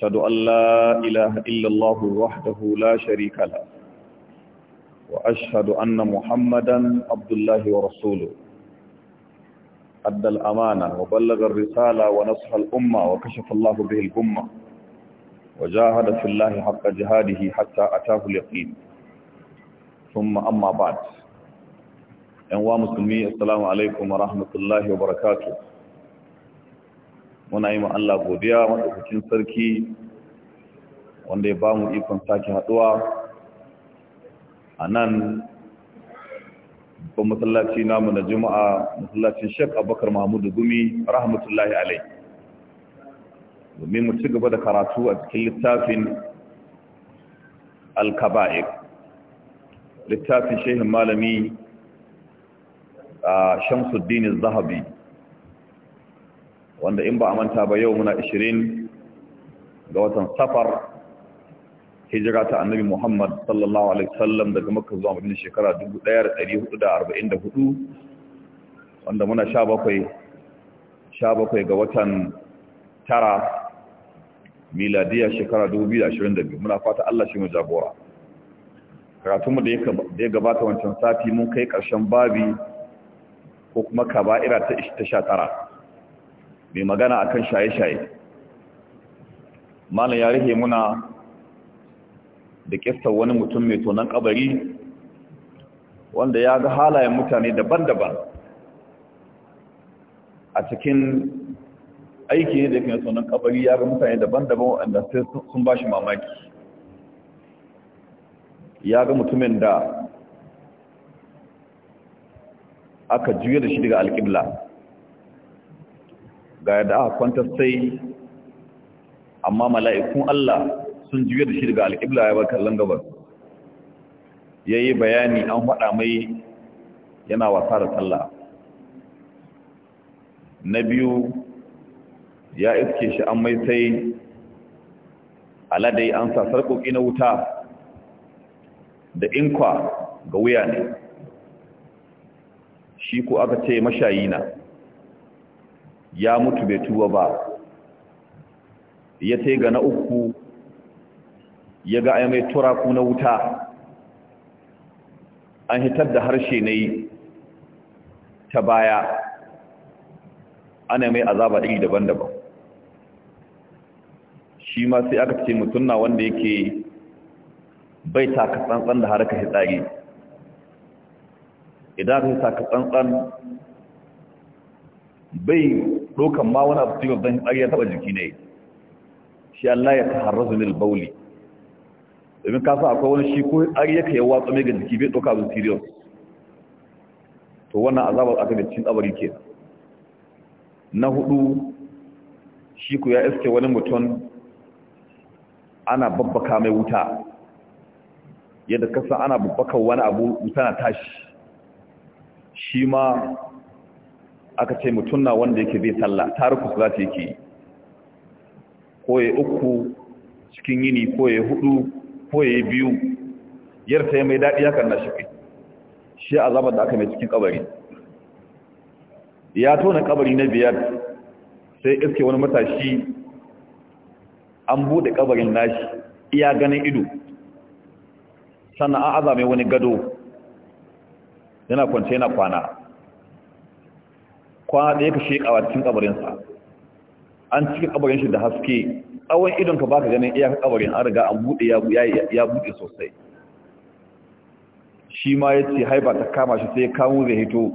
أشهد أن لا إله إلا الله وحده لا شريك له وأشهد أن محمدا عبد الله ورسوله أدى الأمانة وبلغ الرسالة ونصح الأمة وكشف الله به الأمة وجاهد في الله حق جهاده حتى أتاه اليقين ثم أما بعد أنواع مسلمي السلام عليكم ورحمة الله وبركاته muna yi ma Allah godiya maɗaukakin sarki wanda ya ba mu ikon sake haduwa a nan babban masallaci namu na juma'a masallacin shek bakar mahmudu gumi rahmatullahi alai domin mu ci gaba da karatu a cikin littafin alkaba'ir littafin shehin malami a ah, shamsuddin zahabi wanda in ba a manta ba yau muna 20 ga watan safar hijira ta annabi Muhammad sallallahu alaihi wasallam daga Makka zuwa Madina shekara 1444 wanda muna 17 17 ga watan tara miladiya shekara 2022 muna fata Allah shi mu jagora karatunmu da ya gabata wancan sati mun kai karshen babi ko kuma kaba'ira ta 19 mai magana akan shaye-shaye mana ya rike muna da kistar wani mutum mai tonon kabari wanda ya ga halayen mutane daban-daban a cikin aiki ne da fi tonon kabari ya ga mutane daban-daban wanda sai sun ba shi mamaki ya ga mutumin da aka juya da shi daga alƙibla ga yadda aka kwantar sai amma mala'ikun Allah sun juya da shi daga alƙibla ya baka kallon gabas ya yi bayani an haɗa mai yana wasa da sallah na biyu ya iske shi an mai sai aladai an sa sarƙoƙi na wuta da inkwa ga wuya ne shi ko aka ce mashayi na ya mutu bai tuba ba ya tai ga na uku ya ga ai mai turaku na wuta an hitar da harshe na ta baya ana mai azaba iri daban-daban shi ma sai aka ce mutum na wanda yake bai taka tsantsan da haraka hitsari idan aka taka tsantsan bai dokan ma wani abu cikin zan tsari ya taba jiki ne shi Allah ya taharrazu lil bauli domin kasa akwai wani shi ko tsari ya ya watsa mai ga jiki bai doka abin serious to wannan azabar aka da cikin tsabari ke na hudu shi ku ya iske wani mutum ana babbaka mai wuta yadda kasa ana babbaka wani abu wuta na tashi shi ma aka ce mutum na wanda yake zai sallah taruku su za ta yake ko ya uku cikin yini ko hudu ko ya biyu ta yi mai daɗi hakan na shi shi azabar da aka mai cikin ƙabari. ya tona ƙabari na biyar sai iske wani matashi an buɗe ƙabarin nashi iya ganin ido sannan an azame wani gado yana kwance yana kwana kwana ɗaya ka sheƙawa cikin ƙabarinsa? an cikin ƙabarin shi da haske tsawon idon ka baka ganin iyaka ƙabarin an riga an buɗe ya buɗe sosai shi ma ya ce haiba ta kama shi sai kawo zai hito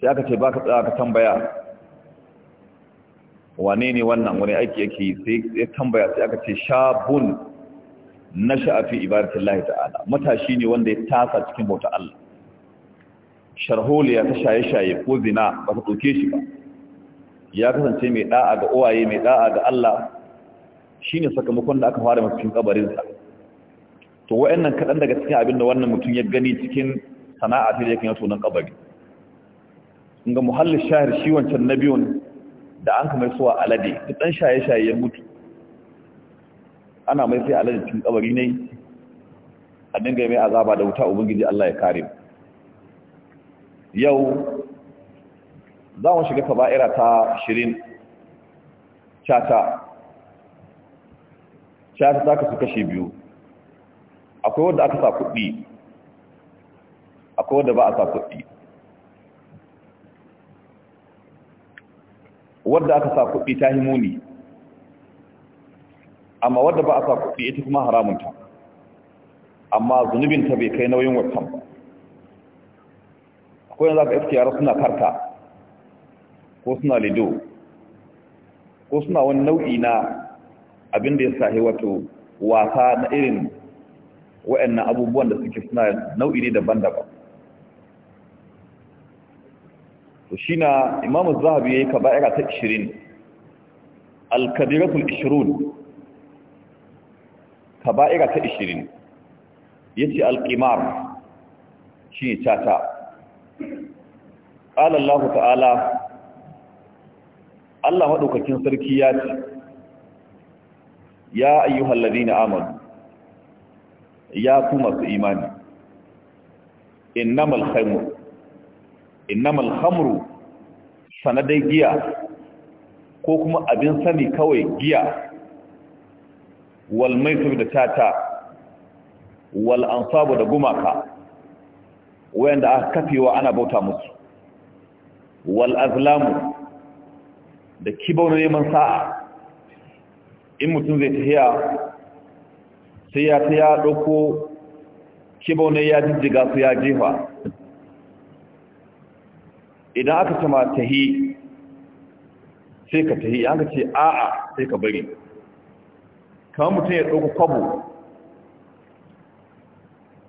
sai aka ce ba ka tsaya ka tambaya wane ne wannan wani aiki yake sai ya tambaya sai aka ce shabun na sha'afi ibadatin lahi ta'ala matashi ne wanda ya tasa cikin bauta Allah sharholiya ta shaye-shaye ko zina ba ta ɗauke shi ba ya kasance mai ɗa'a ga Uwaye, mai ɗa'a ga Allah shine sakamakon da aka fara masa cikin ƙabarinsa to wayannan kaɗan daga cikin abin da wannan mutum ya gani cikin sana'a ta yake yato nan ƙabari ga muhallin shahar shi wancan na biyun da an kamar suwa alade duk ɗan shaye-shaye ya mutu ana mai sai alade cikin kabari ne a dinga mai azaba da wuta ubangiji Allah ya kare mu yau za mu shiga kaba'ira ta shirin cata cata ta kasu kashe biyu akwai wadda aka sa kuɗi akwai wadda ba a sa kuɗi wadda aka sa kuɗi ta himuni amma wadda ba a sa kuɗi ita kuma haramunta amma zunubinta bai kai nauyin wata ba Ko yanzu aka iske yara suna karta ko suna lido ko suna wani nau'i na abin da ya sahi wato wasa na irin wa'annan abubuwan da suke suna nau'i ne daban-daban to shi na imamu zahabi ya yi ka ba'ira ta 20 alkadiratul 20 ka ba'ira ta 20 ya ce alkimar shi ne cata ƙala Allah ta'ala Allah maɗaukakin sarki ya ce ya ayyuhal na Amadu, ya ku masu imani innamal khamru sanadai giya ko kuma abin sani kawai giya wal maisir da tata wal ansabu da gumaka wayanda aka kafewa ana bauta musu wal da kibau na neman sa'a in mutum zai tafiya sai ya ta ya ɗauko kibau ya jijjiga su ya jefa idan aka sama tahi sai ka tahi an ka ce a'a sai ka bari kamar mutum ya ɗauko kwabo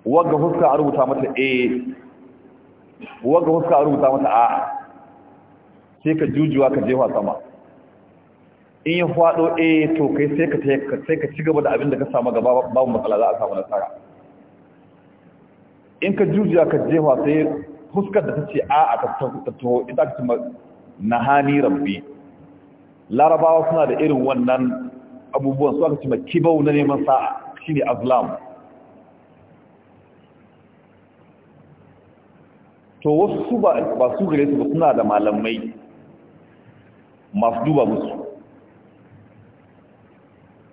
wagga huska a rubuta mata a eh, wagga huska a rubuta mata a'a sai ka jujuwa ka jewa sama in ya faɗo eh to kai sai ka sai ka ci gaba da abin da ka samu gaba babu matsala za a samu nasara in ka jujuwa ka jewa sai huskar da ta ce a a ta ita ka na hani rabbi larabawa suna da irin wannan abubuwan su aka ce kibau na neman sa'a shine azlam to wasu ba su gare su ba suna da malamai masu duba musu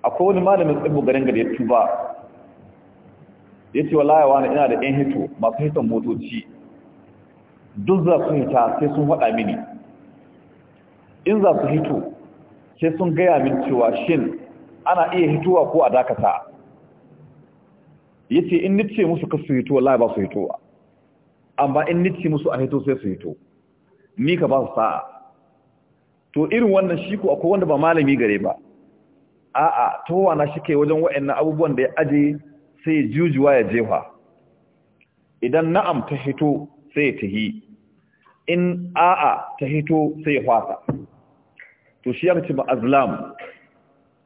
akwai wani malamin tsibbo garin gari ya tuba ya ce wallahi wani ina da 'yan hito masu hiton motoci duk za su hita sai sun haɗa mini in za su hito sai sun gaya min cewa shin ana iya hitowa ko a dakata ya ce in nice musu kasu hito wallahi ba su hitowa amma in nice musu a hito sai su hito ni ka ba su sa'a to irin wannan shi ko akwai wanda ba malami gare ba a'a towa na shi ke wajen wa'annan abubuwan da ya aje sai jujuwa ya jefa idan na'am ta hito sai ya tahi in a'a ta hito sai ya fasa to shi yake ba azlam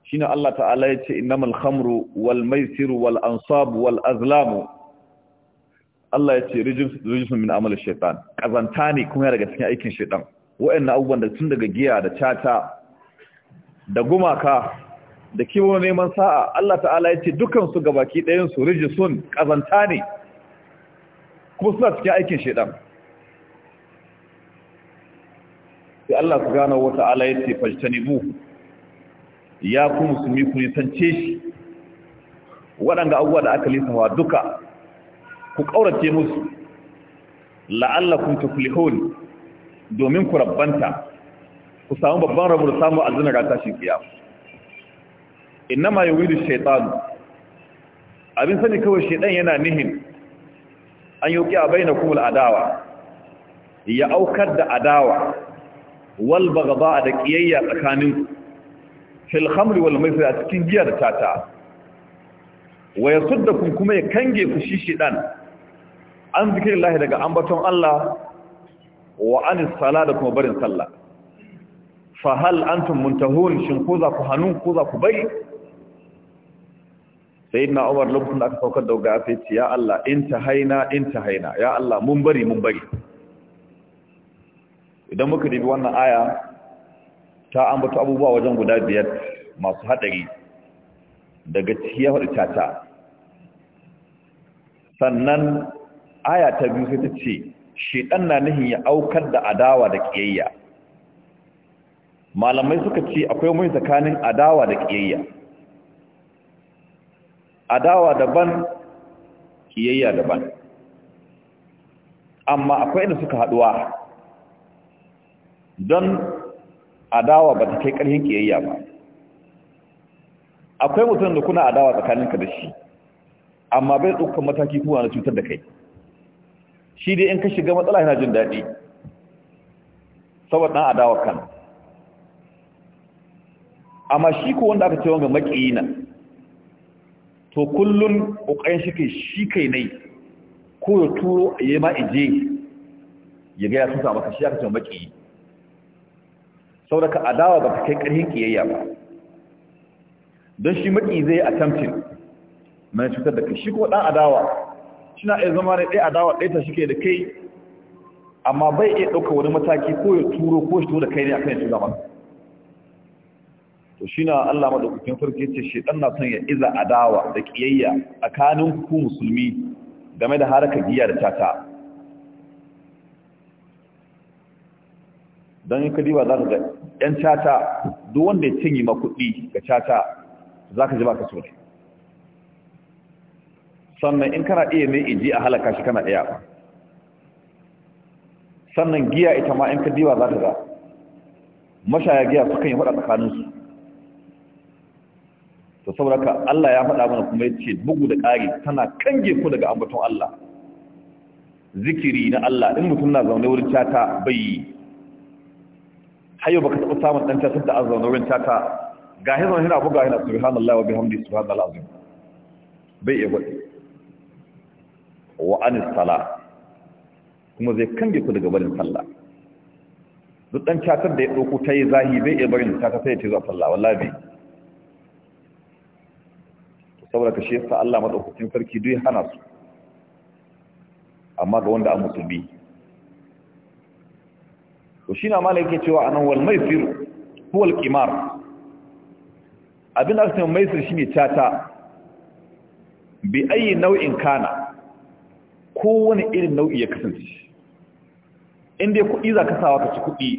shine Allah ta'ala ya ce innamal khamru wal maisiru wal ansab wal azlamu Allah ya ce rijim min amal shaytan azantani kuma daga cikin aikin shaytan wa'annan abubuwan da tun daga giya da cata da gumaka da kiwo neman sa'a Allah ta'ala ya ce dukansu ga baki ɗayansu sun? ƙazanta ne kuma suna cikin aikin shaidan sai Allah su gano wa ta'ala ya ce fajtanibu ya ku musulmi ku nisance shi waɗanda abubuwa da aka wa duka ku ƙaurace musu la'allakum tuflihun domin ku rabbanta ku samu babban rabu da samu aljanna ga tashin kiyama innama yuridu shaytan abin sani kawai shaytan yana nihin an yuki a bainakum al'adawa ya aukar da adawa wal baghdha da kiyayya tsakanin fil wal maisir a cikin giya da tata wa yasuddakum kuma ya kange ku shi shaytan an lahi daga ambaton Allah wa an sala da kuma barin sallah fa hal antum muntahun shin ku za ku hannu ku za ku bari sayyidina Umar lokacin da aka saukar da ga sai ce ya Allah in in ta haina, ta haina. ya Allah mun bari mun bari idan muka dubi wannan aya ta ambata abubuwa wajen guda biyar masu hadari daga cikin hudu tata sannan aya ta biyu sai ta ce shedan na nihin ya aukar da adawa da kiyayya malamai suka ce akwai mai tsakanin adawa da kiyayya adawa daban kiyayya daban amma akwai inda suka haduwa don adawa ba ta kai ƙarhin kiyayya ba akwai mutum da kuna adawa tsakaninka da shi amma bai ɗaukar mataki kuma na cutar da kai shi dai in ka shiga matsala yana jin daɗi saboda ɗan adawa kan amma shi ko wanda aka ce wanga maƙiyi na to kullum ƙoƙarin shi kai shi kai nai ko ya turo a yi ma ije ya gaya sun samu kashi aka ce maƙiyi saboda ka adawa ba ta kai ƙarfin ƙiyayya ba don shi maƙi zai yi attempting mai cutar da kai shi ko ɗan adawa shina iya zama ne ɗaya adawa ɗaya ta shike da kai amma bai iya ɗauka wani mataki ko ya turo ko shi da kai ne a kan shiga to shi na Allah madaukakin sarki ce shaɗan na son ya iza adawa da ƙiyayya a kanin ku musulmi game da harakar giya da tata don yi kadiba za ka ga ‘yan tata duk wanda ya cinye ma kuɗi ga tata za ka ji ba ka so sannan in kana iya mai iji a halaka shi kana iya sannan giya ita ma in ka diwa za ta ga mashaya giya sukan yi faɗa tsakaninsu to sauraka Allah ya faɗa mana kuma ya ce bugu da ƙari tana kange ku daga ambaton Allah zikiri na Allah in mutum na zaune wurin cata bai yi hayo ka taɓa samun ɗan catar da an zaune wurin cata ga hizon hina buga hina subhanallah wa bihamdi subhanallah azim bai iya gwaɗi wa anis sala kuma zai kange ku daga barin sallah duk dan catar da ya ɗauko ta yi zahi bai iya barin ta ta sai ya ce zuwa sallah wallahi bai saboda ka shi Allah madaukakin sarki duk hana su amma ga wanda an mutubi to shi na malai yake cewa anan wal maisir huwa al qimar abin da aka maisir shine chata bi ayi nau'in kana kowane irin nau'i ya kasance inda kuɗi za ka sawa ka ci kuɗi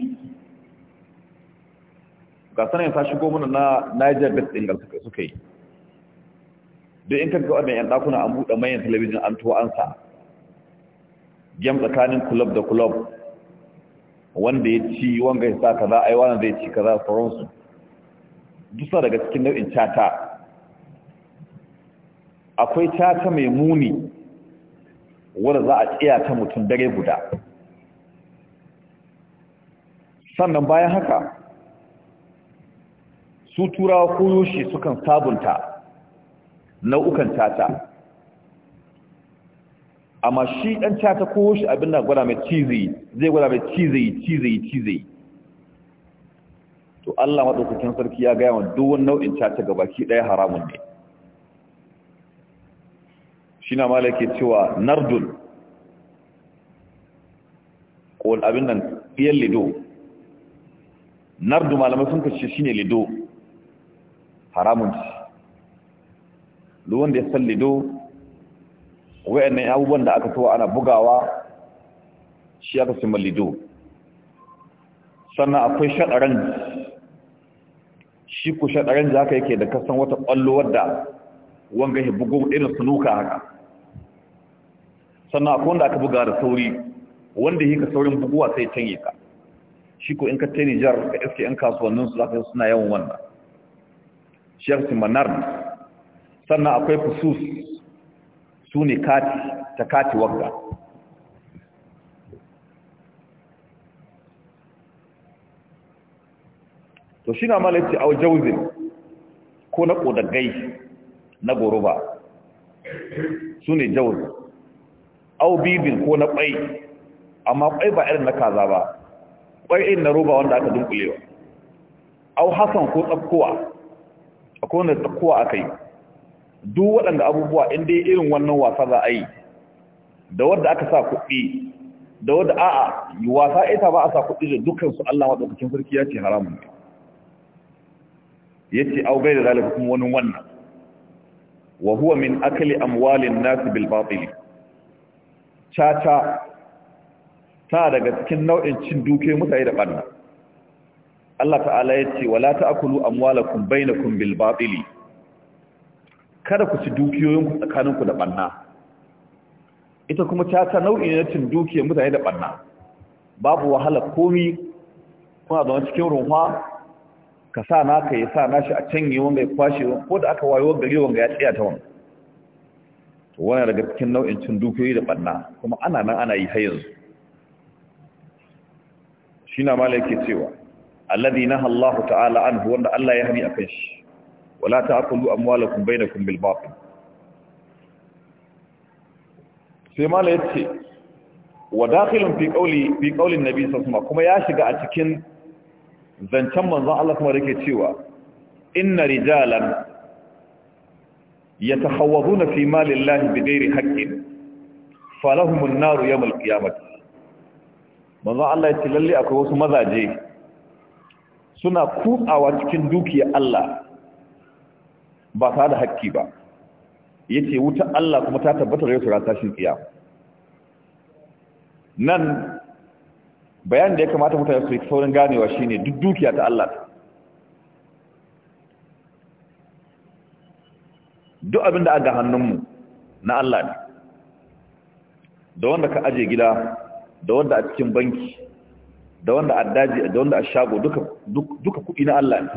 ga sanayin ta shigo mana na niger best ɗin suka yi don in kaga waɗanda 'yan ɗakuna an buɗe manyan talabijin an tuwa an sa gem tsakanin kulob da kulob wanda ya ci wanga ya sa a yi wanda ya ci kaza sauransu dusa daga cikin nau'in cata. akwai cata mai muni wadda za a tsaya ta mutum dare guda sannan bayan haka su turawa koyo shi sukan sabunta nau'ukan tata amma shi ɗan tata koyo shi abin da gwada mai cizai zai gwada mai cizai cizai cizai to Allah maɗaukakin sarki ya gaya wa duwun nau'in tata gabaki ɗaya haramun ne shi na ke cewa nardul ƙon abin nan ɗiyan lido nardu malamai sun kashe shi ne lido haramun shi duk wanda ya san lido wa'annan abubuwan da aka towa ana bugawa shi aka sima lido sannan akwai shaɗaran shi ku shaɗaran da haka yake da kasan wata ƙwallo wadda wanga ya bugu irin sunuka haka sannan akwai wanda aka buga da sauri wanda yi ka saurin buguwa sai canye ka shi ko in ka ta jar ka iske yan kasuwannin su zaka suna yawan wannan shek manar sannan akwai fusus su ne kati ta kati wagga to shi na malaiti a jauzin ko na kodagai na goroba su ne jauzin au bibin ko na kwai amma kwai ba irin na kaza ba kwai irin na roba wanda aka dunkulewa au hasan ko tsakkowa akwai wanda tsakkowa aka yi duk waɗanda abubuwa inda irin wannan wasa za a yi da wadda aka sa kuɗi da wadda a'a wasa ita ba a sa kuɗi da dukansu Allah maɗaukacin sarki ya ce haramun ne ya ce au gai da zalika kuma wani wannan wa huwa min akali amwalin nasi bil batili caca ta daga cikin nau'in cin duke mutane da ɓanna Allah ta'ala ya ce wala ta'kulu kun bainakum kun batili kada ku ci dukiyoyinku tsakaninku da ɓanna ita kuma caca nau'i na cin dukiyar mutane da ɓanna babu wahala komi kuna zama cikin runwa ka sa naka ya sa nashi a can yi wanga ya kwashe ko da aka wayo gari wanga ya tsaya ta wanga wani daga cikin nau'in cin dukiyoyi da ɓanna kuma ana nan ana yi har yanzu shi na mala yake cewa alladhi na hallahu ta'ala anhu wanda Allah ya hani akan shi wala ta ta'kulu amwalakum bainakum bil batil sai mala ce, wa dakhilun fi qawli fi qawli nabi sallallahu kuma ya shiga a cikin zancen manzon Allah kuma yake cewa inna rijalan yatahawwazuna fi malillahi bighairi haqqin falahum an-nar yawm manzo Allah ya ce lalle akwai wasu mazaje suna kutsawa cikin dukiyar Allah ba ta da haƙƙi ba yace wuta Allah kuma ta tabbatar da yau tashin nan bayan da ya kamata mutane su yi saurin ganewa shine duk dukiya ta Allah duk abin da aga hannunmu na Allah ne da wanda ka aje gida da wanda a cikin banki da wanda a daji da wanda a shago duka duka kuɗi na Allah ne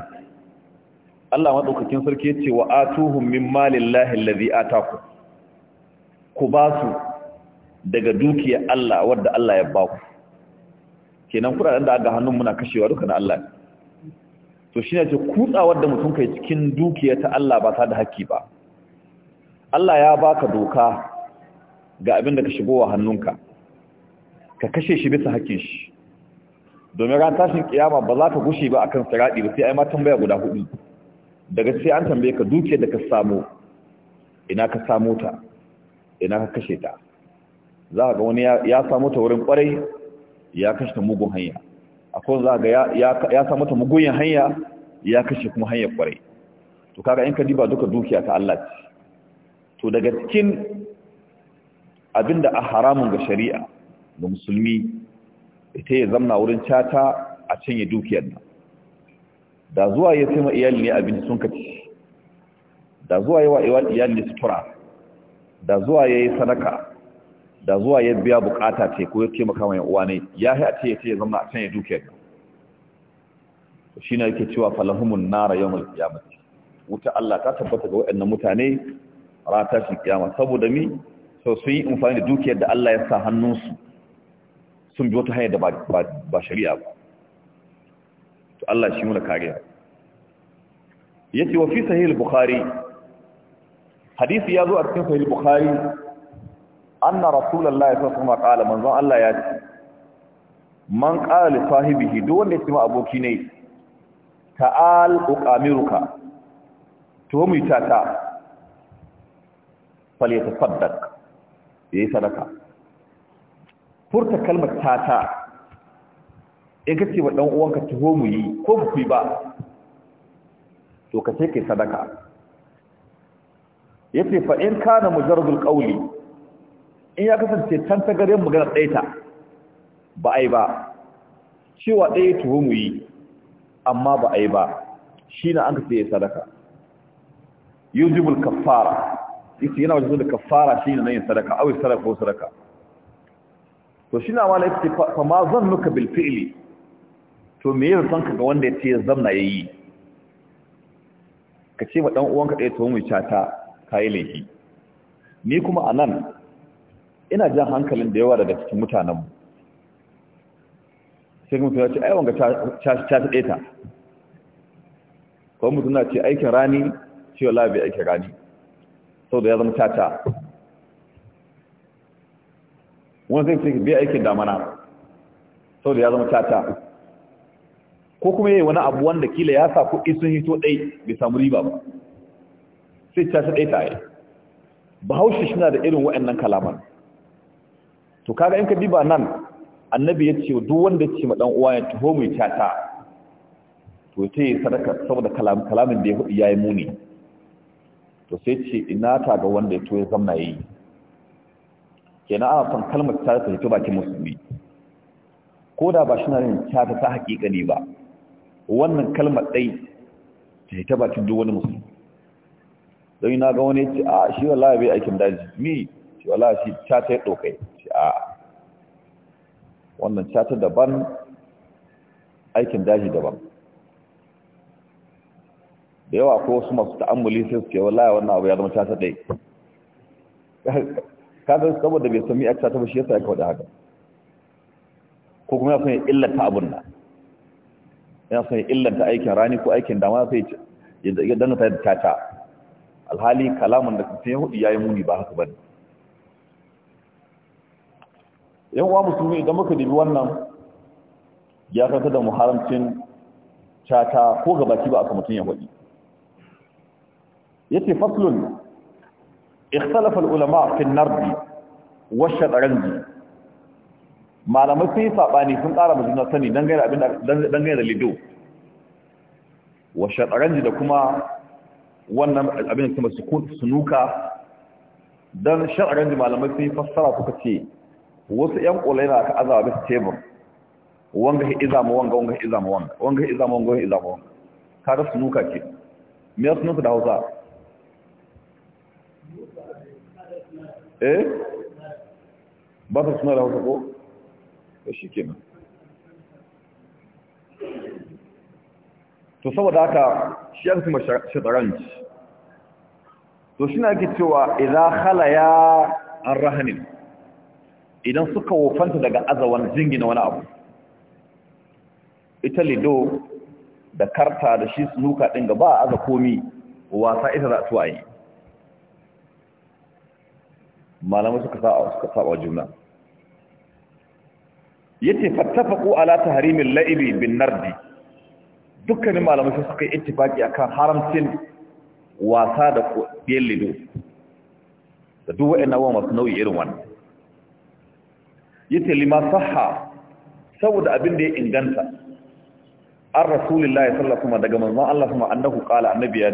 Allah daukakin sarki yace wa atuhum min malillahi allazi ataku ku basu daga dukiyar Allah wanda Allah ya baku kenan kuɗaɗen da aga hannun muna kashewa duka na Allah ne to shine ce kutsawar da mutum kai cikin dukiya ta Allah ba ta da haƙƙi ba Allah ya baka doka ga abin da ka shigo wa hannunka ka kashe shi bisa hakkin shi domin ran tashin kiyama ba za ka gushe ba akan siradi ba sai ai ma tambaya guda hudu daga sai an tambaye ka duke da ka samu ina ka samu ta ina ka kashe ta za ga wani ya samu ta wurin kwarai ya kashe ta mugun hanya akwai za ga ya samu ta mugun hanya ya kashe kuma hanyar kwarai to kaga in ka diba duka dukiya ta Allah ce to daga cikin abinda a haramun ga shari'a ga musulmi ita ya zamna wurin cata a cinye dukiyar nan da zuwa ya taima iyali ne abin sun kaci da zuwa ya wa iyali ne sutura da zuwa ya yi sadaka da zuwa ya biya bukata ce ko ya taimaka mai uwa ne ya yi a ce ya ce ya zama a canye dukiyar shi na yake cewa falahumun nara yawon mai wuta Allah ta tabbata ga waɗannan mutane ranar tashin kiyama saboda mi so sun yi amfani da dukiyar da Allah ya sa hannunsu sun bi wata hanyar da ba shari'a ba to Allah shi da kariya yace wa fi sahih al-bukhari hadisi ya zo a cikin sahih al-bukhari anna rasulullahi sallallahu alaihi wasallam qala manzo Allah ya ce man qala li sahibihi duk wanda ya ma aboki ne ta'al uqamiruka to mu ta. falyatasaddaq yayi sadaka furta kalmar tata in kace wa dan uwanka taho mu yi ko ku yi ba to ka sai kai sadaka yace fa in kana mujarradul qawli in ya kasance tan ta gare magana daita ba ai ba cewa dai taho mu yi amma ba ai ba shine an kace sadaka yujibul kaffara yace yana wajen da kafara shine na yin sadaka awi sadaka ko sadaka to shi na wala yake fa ma muka bil fi'li to me yasa san ka ga wanda yace zamna yayi ka ce ma dan uwanka ɗaya to mu chata kai laifi ni kuma anan ina jan hankalin da yawa daga cikin mutanenmu sai kuma tuna ce ai wanga cha ɗaya ta kuma mutum na ce aikin rani ce wallahi bai aikin rani da ya zama caca wani zai fi biya aikin damana da ya zama caca ko kuma yi wani abu wanda kila ya sa kuɗi sun hito ɗai bai samu riba ba sai caca ɗai ta yi bahaushe shi na da irin wa'annan kalaman to kaga in ka diba nan annabi ya ce duk wanda ce ma ɗan'uwa ya taho mai caca to yi sadaka saboda kalamin da ya yi muni to sai ce ina ta ga wanda ya to ya zama yayi kenan ana son kalmar ta ta fito bakin musulmi ko da ba shi na yin ta ta hakika ne ba wannan kalmar dai ta fita bakin duk wani musulmi don na ga wani ce a shi wallahi bai aikin daji mi shi wallahi shi ta ta dokai shi a wannan ta ta daban aikin daji daban da yawa ko wasu masu ta'ammuli sai suke wallahi wannan abu ya zama tasa dai kaga saboda bai san mi aka ta ba shi yasa ya kawo da haka ko kuma ya san illanta abun da ya san illanta aikin rani ko aikin dama sai ya danna ta da tata alhali kalamun da sai hudu yayi muni ba haka bane yan uwa musulmi idan muka dubi wannan ya kanta da muharamcin chata ko gabaki ba aka mutun ya hudu yace faslun ikhtalafa ulama fi an-nard wa shatranji malama sai sabani sun ƙara mu juna sani dangane da abin dangane da lido wa shatranji da kuma wannan abin da kuma sunuka dan shatranji malama sai fassara suka ce wasu ƴan ƙulai na aka azaba bisa tebur wanga hi izama wanga wanga hi izama wanga wanga hi izama wanga hi izama kada sunuka ce me sunuka da Hausa eh ba ta suna da ko da shi kenan to saboda haka shi yanzu ma shataranci to shi na ake cewa idan halaya an rahanin idan suka wofanta daga azawan jingina wani abu ita lido da karta da shi sunuka ɗin ga ba a aza komi wasa ita za a tuwaye malamai suka saba suka saba juna yace fattafaqu ala tahrimil la'ibi bin nardi dukkanin malamai suka yi ittifaki akan haramcin wasa da kuɗin lido da duk wa'annan wa masu nau'i irin wannan yace lima sahha saboda abin da ya inganta an rasulullahi sallallahu alaihi wasallam daga manzon Allah kuma annahu qala annabi ya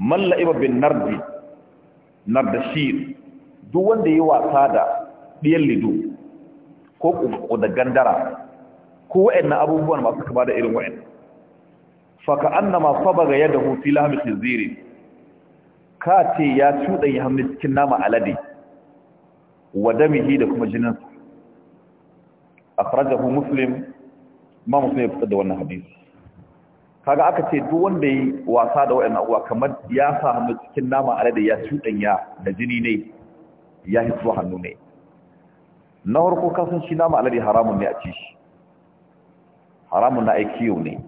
man la'iba bin nardi nardashir duk wanda ya wasa da ɗiyan lido ko da gandara ko na abubuwan masu kama da irin wa'annan faka an na masu baga yadda hutu lahamis ziri ka ce ya cuɗa yi hamni cikin nama alade wa damihi da kuma jininsa a farajahu muslim ma muslim ya fitar da wannan hadisi kaga aka ce duk wanda ya wasa da wa'annan uwa kamar ya sa hamni cikin nama alade ya ya, da jini ne ya hito hannu ne na harko kasan shi nama alade haramun ne a ci shi haramun na aiki yau ne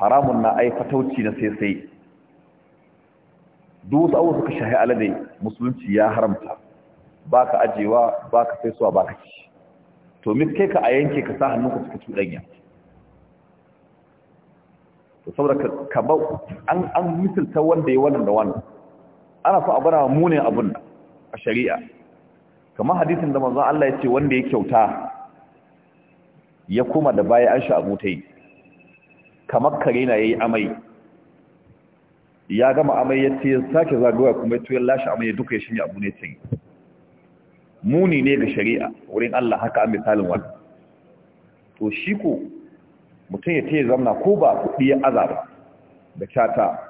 haramun na ai fatauci na sai sai duk wasu suka shahi alade musulunci ya haramta ba ka ajewa ba ka saisuwa ba ka ci to kai ka a yanke ka sa hannunka suka cuɗanya to saboda ka ba an misalta wanda ya wannan da wannan ana so a bana munin abunda. nan a shari'a kamar hadisin da manzon Allah ya ce wanda ya kyauta ya kuma da baya an sha abutai kamar kare na yayi amai ya gama amai ya ce sake zagaya kuma ya tuyar lashe amai duka ya shirya abu ne ce muni ne ga shari'a wurin Allah haka an misalin wani to shi ko mutum ya ce zamna ko ba kuɗi ya azaba da cata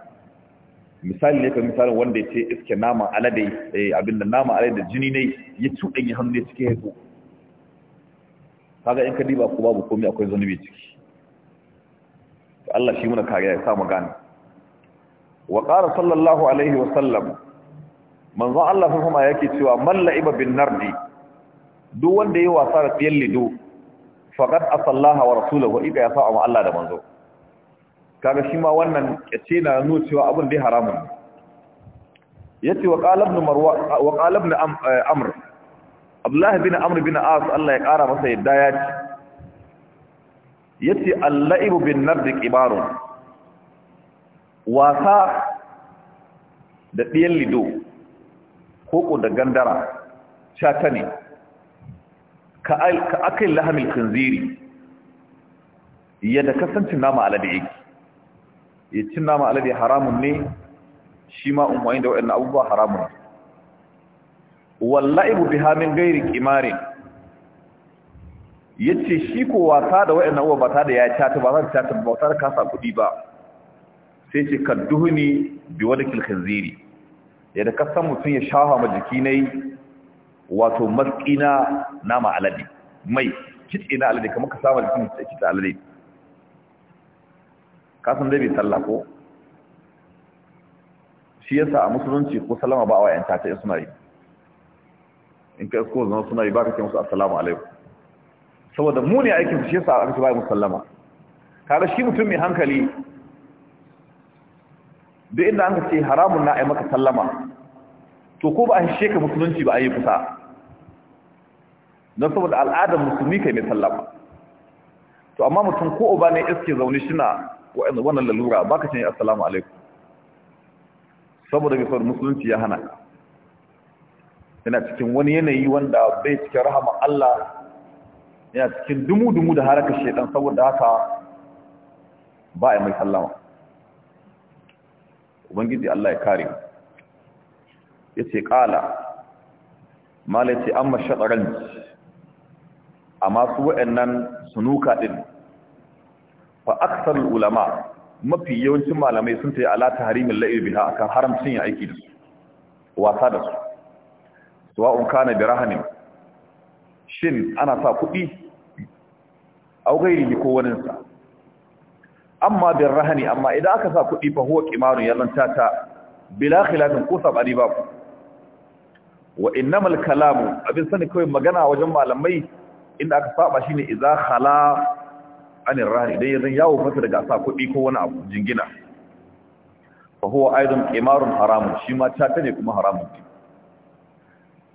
misali ne ka misalin wanda ya ce iske naman alade eh, abinda nama alade da jini ne ya ya hannu ya cike haifo kaga in ka diba ko babu komai akwai zunubi ciki Allah shi muna kariya ya sa mu gane wa qala sallallahu alaihi wa sallam manzo Allah sun kuma yake cewa man la'iba bin nardi duk wanda yayi wasa da tiyan lido faqad asallaha wa rasulahu iga ya fa'a Allah da manzo kaga shi ma wannan ce na nuna cewa abin dai haramun yace wa qala ibn marwa wa qala ibn eh, amr abdullah bin amr bin as Allah ya kara masa yadda ya ce yace al-la'ib bin nabd kibarun wasa da diyan lido koko da gandara ta ne ka akai lahamil khinziri yadda kasance nama aladi yake ya cin nama alade haramun ne shi ma umarni da waɗannan abubuwa haramun ne wallahi bu biha min gairi ya yace shi ko wata da waɗannan uwa ba ta da ya cata ba ta cata ba ta kasa kuɗi ba sai ce ne bi wadakil ya yadda kasan mutum ya shafa ma jiki nai wato maskina nama alade mai kitse na alade kamar ka saba jikin kitse alade kasan zai bi sallah ko shi yasa a musulunci ko salama ba a wayan tata in suna yi in ka isko zama suna yi ba ka ce musu assalamu alaikum saboda mu ne aikin shi yasa aka ce ba musu sallama kaga shi mutum mai hankali da inda an ka ce haramun na ai maka sallama to ko ba a shi ka musulunci ba a yi kusa don saboda al'adar musulmi kai mai sallama to amma mutum ko uba ne iske zaune shi na wannan lalura baka ce assalamu alaikum saboda bisar musulunci ya hana yana cikin wani yanayi wanda bai cikin rahama Allah yana cikin dumu-dumu da haraka shaidan saboda haka ba a mai sallama ubangiji Allah ya kare ya ce ƙala mala ce an mashaɗaranci amma su nan sunuka ɗin fa aksar ulama mafi yawancin malamai sun ta yi ala tahrimin la'ir biha akan haramcin yin aiki da su wasa da su suwa'un kana bi rahanin shin ana sa kuɗi au gairi ko waninsa amma bin amma idan aka sa kuɗi fa huwa kimarun yallan ta bila khilafin ko sabani ba wa innamal kalamu abin sani kawai magana wajen malamai inda aka saba shine iza khala anin rahi dai yanzu yawo fata daga sa kuɗi ko wani abu jingina fa huwa aidan qimarun haramun shi ma ta ne kuma haramun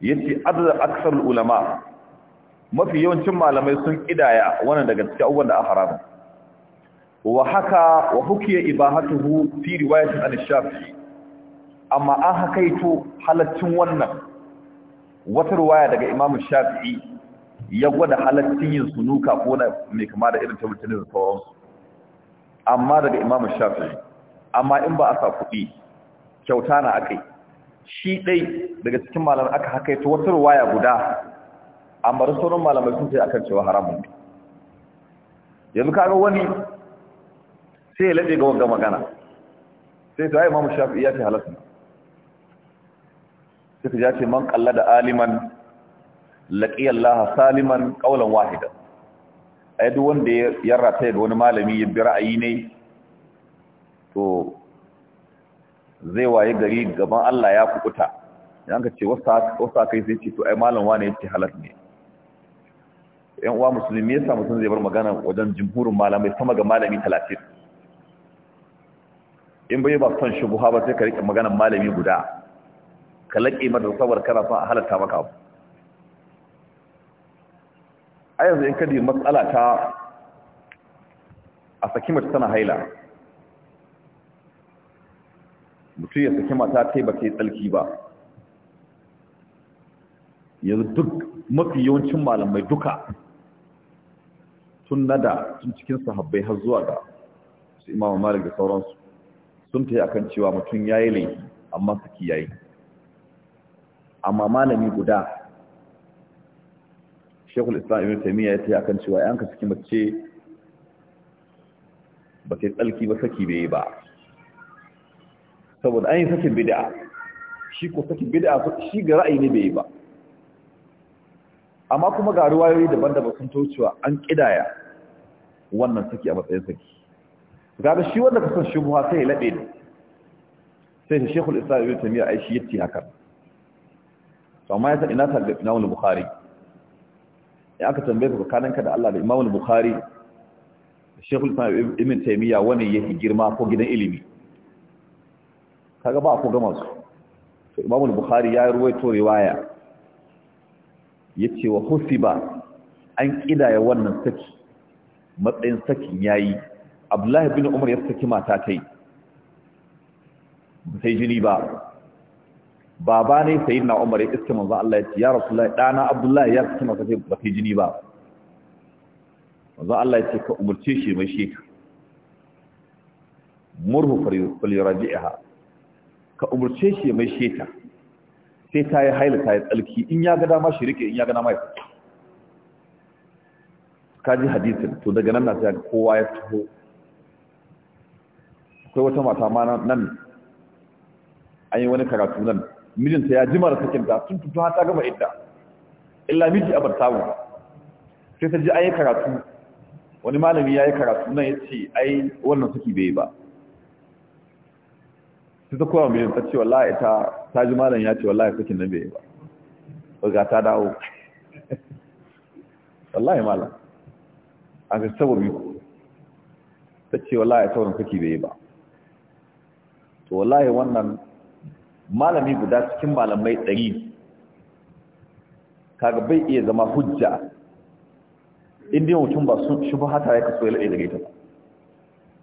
yace a aksar ulama mafi yawancin malamai sun kidaya wannan daga cikin abubuwan da a haramun wa haka wa hukiya ibahatuhu fi riwayat an shafi? amma an hakaito halaccin wannan wata riwaya daga imamu shafi'i ya gwada halattun yin sunuka ko na mai kama da irin tabbatar da sauransu amma daga imamu shafi'i amma in ba a sa kuɗi kyauta na akai shi ɗai daga cikin malamai aka haka ta wata ruwaya guda amma da sauran malamai sun ce akan cewa haramun yanzu kaga wani sai ya laɗe ga wanga magana sai ta imamu shafi'i ya ce halatta sai ta ce man kalla da aliman Allah saliman qawlan wahida A yadda wanda ya rata da wani malami ya bi ra'ayi ne to zai waye gari gaban Allah ya kukuta yanka ce wasa kai sai ce to ai malam wane ce halat ne yan uwa musulmi yasa mutum zai bar magana wajen jimhurin malamai sama ga malami talatin? in bai ba son shubuha ba sai ka riƙe maganan malami guda ka laƙe mata saboda kana son a halatta maka abu a yanzu in kadi matsala ta a saki mace tana haila mutum ya saki mata ta yi ba tsalki ba yanzu duk mafi yawancin malamai duka tun nada tun cikin sahabbai har zuwa ga su imama malik da sauransu sun ta yi akan cewa mutum ya yi laifi amma saki ya yi amma malami guda shekul islam ibn taimiyya ya ce akan cewa yanka saki mace ba ta tsalki ba saki bai ba saboda an yi sakin bid'a shi ko sakin bid'a shi ga ra'ayi ne bai ba amma kuma ga ruwayoyi daban-daban sun taucewa an kidaya wannan saki a matsayin saki kaga shi wanda ka san shubha sai ya labe ne sai shekul islam ibn taimiyya ai shi yace haka amma ya san ina talib na wani bukhari in aka tambaye ka kananka da Allah da Imam Bukhari Sheikhul Islam Ibn Taymiyyah wani yake girma ko gidan ilimi kaga ba ku gama su to Imam Bukhari ya ruwaito riwaya yace wa husiba an kidaya wannan saki matsayin sakin yayi Abdullah ibn Umar ya saki mata tai sai jini ba baba ne sayyidina Umar ya iska manzo Allah ya ce ya Rasulullahi dana Abdullahi ya ce maka sai ba kai jini ba manzo Allah ya ce ka umurce shi mai shi murhu fal yuraji'ha ka umurce shi mai sheta sai ta yi haila ta yi tsalki in ya ga dama shi rike in ya ga dama ya ka ji hadisin to daga nan na sai kowa ya taho akwai wata mata ma nan an yi wani karatu nan mijinta ya jima da sakinta tun tuntun har ta gama idda illa miji abar samu sai ta ji a yi karatu wani malami ya yi karatu nan ya ce ai wannan suki bai ba sai ta kowa mijinta ta ce wallahi ta ta ji malam ya ce wallahi sakin nan bai ba ga ta dawo wallahi malam a ga saboda ko ta ce wallahi sauran saki bai ba to wallahi wannan malami guda cikin malamai ɗari kaga bai iya zama hujja inda mutum ba sun shi hata ya kaso ya laɗe daga ita ba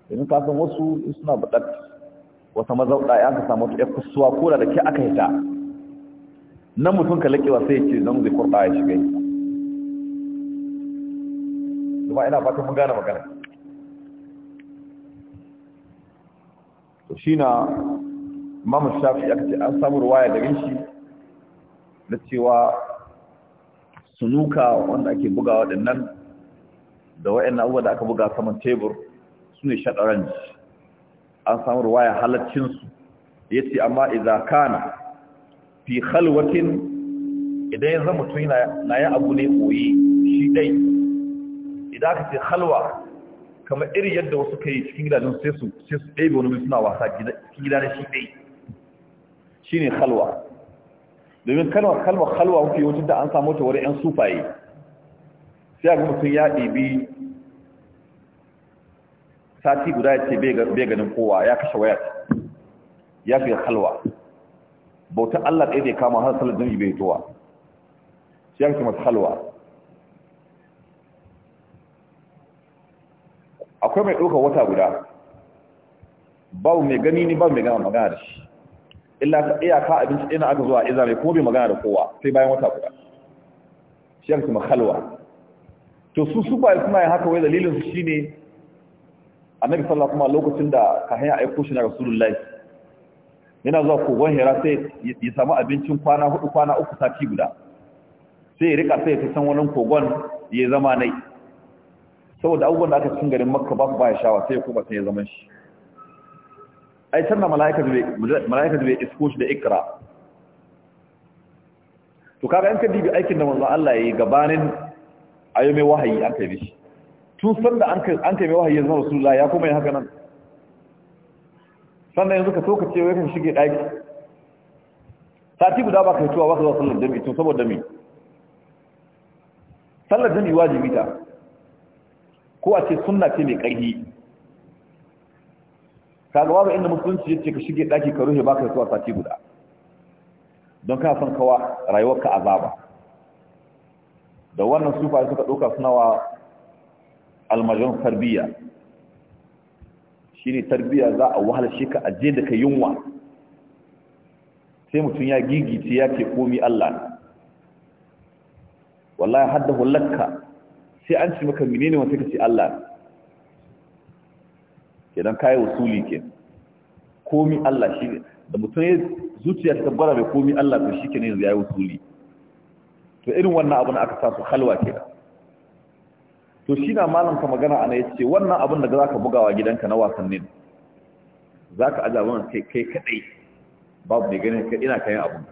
domin kasan wasu suna buɗar wata mazauɗa ya ka samu ya kusuwa ko da ke aka hita nan mutum ka laƙewa sai ya ce zan zai kurɗa ya shiga yi. zuma ina fatan mun gane magana to shi na imam shafi aka ce an samu ruwaya da rinshi da cewa sunuka wanda ake bugawa waɗannan da wa'annan abubuwa da aka buga saman tebur su ne shaɗaranci an samu ruwaya halaccinsu ya ce amma idan kana fi halwatin idan ya zama tuni na ya abu ne koyi shi ɗai idan aka ce halwa kamar iri yadda wasu kai cikin gidajen sai su bai wani suna wasa cikin gidajen shi ɗai Shi ne khalwa domin kalwa kalwa khalwa kuke yi da an samu ta wurin yan sufaye sai ga mutum ya ɗibi sati guda ya ce bai ganin kowa ya kashe waya ya fi halwa bautan Allah ɗaya da ya kama har salar jami'i bai towa shi yanki masu halwa akwai mai ɗaukar wata guda babu mai gani ne babu mai gama magana da shi illa iya iyaka abinci ina aka zuwa iza mai kuma bai magana da kowa sai bayan wata kuɗa. shi yanzu kuma halwa to su su ba suna yin haka wai dalilin su shine annabi sallallahu alaihi wasallam lokacin da ka hanya aiko shi na rasulullahi yana zuwa kogon hira sai ya samu abincin kwana hudu kwana uku sati guda sai ya rika sai ya san wani kogon ya zama nai saboda abubuwan da aka cikin garin makka ba su ba ya shawa sai ya koma sai ya zama shi ai sanna mala'ika zai isko shi da ikra to kaga an ka dibi aikin da manzo Allah ya yi gabanin ayo mai wahayi an kai mishi tun sanda an kai an kai mai wahayi zuwa rasulullah ya kuma yi haka nan sannan yanzu ka so ce wai kan shige daki sati guda ba kai tuwa ba zuwa sallar dami tun saboda mi sallar dami wajibi ta ko a ce sunna ce mai ƙarfi. kaga wa inda musulunci yace ka shige daki ka ruhe baka zuwa sati guda don ka san kawa rayuwarka azaba da wannan sufa suka doka suna wa almajon tarbiya shine tarbiya za a wahala shi ka aje da ka yunwa sai mutum ya gigice ya ce komi Allah wallahi haddahu lakka sai an ci maka menene wanda kace Allah ne? idan ka yi wasuli ke komi Allah shi ne da mutum ya zuciya ta tabbara mai komi Allah to shi ke ne yanzu ya yi wasuli to irin wannan abin aka sa su halwa ke da to shi na malam ka magana ana ya ce wannan abin da za ka bugawa gidanka na wasannin za ka aja abin kai kai babu mai ganin kai ina kayan abin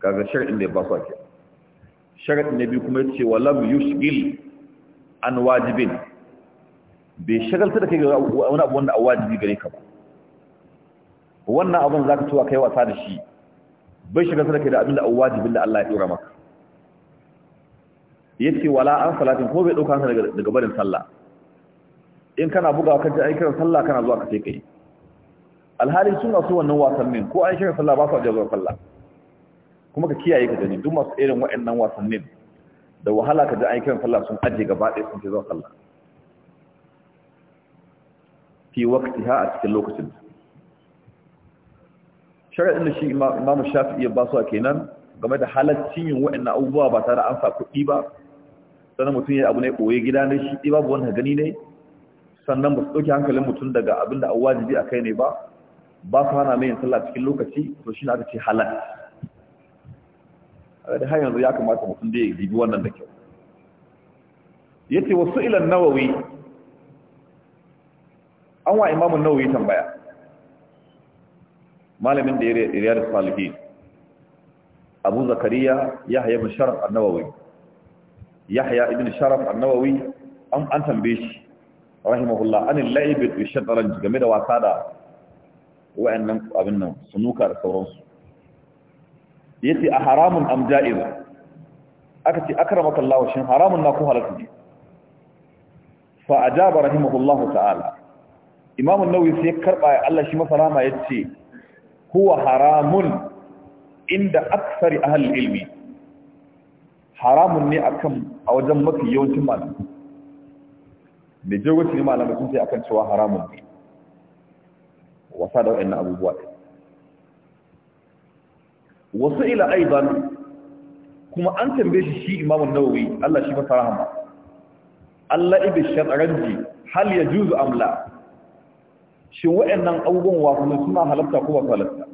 kaga shar'in da ya ba su ake shar'in na biyu kuma ya ce wa yushgil an wajibin bai shagaltar da kai wani abu wanda a wajibi gare ka ba wannan abin za ka tuwa kai wasa da shi bai shagaltar da kai da abin da a wajibin da Allah ya ɗora maka ya ce wala an salatin ko bai ɗauka hansa daga barin sallah in kana buga wa ta aikiran sallah kana zuwa ka sai kai alhalin suna so wannan wasannin ko an sallah ba su ajiyar zuwa sallah kuma ka kiyaye ka gani duk masu irin waɗannan wasannin da wahala ka ji an kiran sallah sun ajiye gaba ɗaya sun ke zuwa sallah fi waqtiha a cikin lokacin shari'a inda shi imamu ba su basu kenan game da halaccin yin wa'annan abubuwa ba tare an sa kuɗi ba sannan mutum ya abu ne ɓoye gida ne shi ɗi babu wani gani ne sannan ba su ɗauki hankalin mutum daga abin da wajibi a kai ne ba ba su hana mai yin sallah cikin lokaci to shi na aka ce halal da har yanzu ya kamata mutum da ya wannan da kyau ce wasu ilan nawawi an wa imamun nawawi tambaya malamin da ya riyar salihi abu zakariya yahya ibn sharaf an-nawawi yahya ibn sharaf an-nawawi an tambaye shi rahimahullah an al-la'ib bi game da wasa da wa'annan abin nan sunuka da sauransu Ya yace a haramun am ja'iz aka ce akramaka Allah shin haramun na ko halaka fa ajaba rahimahullah ta'ala imamu Nauyi sai karɓa ya Allah shi masa ya ce, kuwa haramun inda aksari ahli ilmi haramun ne akan a wajen mafi yawancin malamai da jagoci ne malamai sun sai akan cewa haramun ne wasa da wa'annan abubuwa ne. wasu ila aiban kuma an tambaye shi shi imamun Nauyi, Allah shi masa Allah ibi shar'anji hal ya juzu amla shin wa'annan abubuwan wasanni suna halatta ko ba su halatta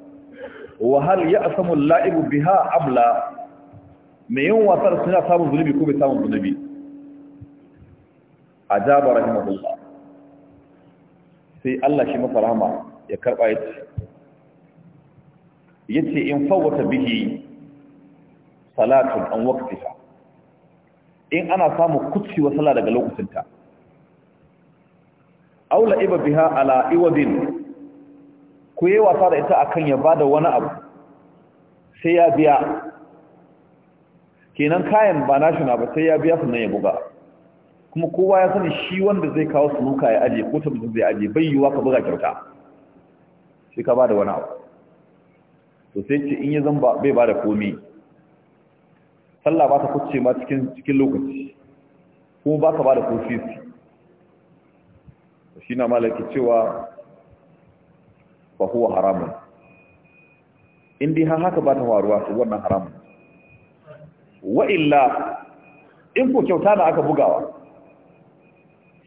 wa hal ya asamu la'ibu biha amla mai yin wasar suna samun zunubi ko bai samun zunubi a jaba rahimahullah sai Allah shi masa rahama ya karɓa ya ce ya ce in fawata bihi salatun an waktifa in ana samun kucewa sala daga lokacinta aula iba biha ala iwadin ku yi wasa da ita akan ya bada wani abu sai ya biya kenan kayan ba nashi na ba sai ya biya sannan ya buga kuma kowa ya sani shi wanda zai kawo sunuka ya aje ko tabbata zai aje bai yiwa ka buga kyauta sai ka bada wani abu to sai ce in ya zan bai bada komi sallah ba ta kuce ma cikin cikin lokaci kuma ba ka bada kofi shi na malaki cewa ba huwa haramun indi ha haka ba ta faruwa su wannan haramun Wa illa in ko kyauta na aka bugawa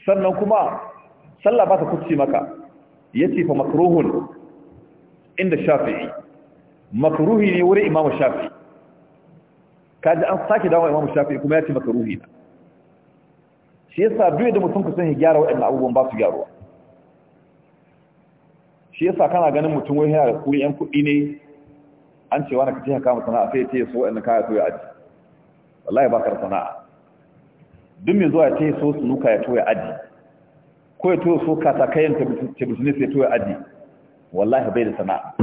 sannan kuma sallah ba ta kuci maka ya ce fa makruhun inda shafi'i makruhi ne wuri imamu shafi'i kaji an sake dawo imamu shafi'i kuma ya ce makruhi na shi yasa duk da mutum kusan ya gyara waɗannan abubuwan ba su gyaruwa shi yasa kana ganin mutum wai yana da kuɗi yan kuɗi ne an cewa na kace haka sana'a sai ya ce so waɗannan kaya to ya aji wallahi ba ka sana'a duk mai zuwa ya ce so su nuka ya to ya aji ko ya to so ka ta business ya to ya aji wallahi bai da sana'a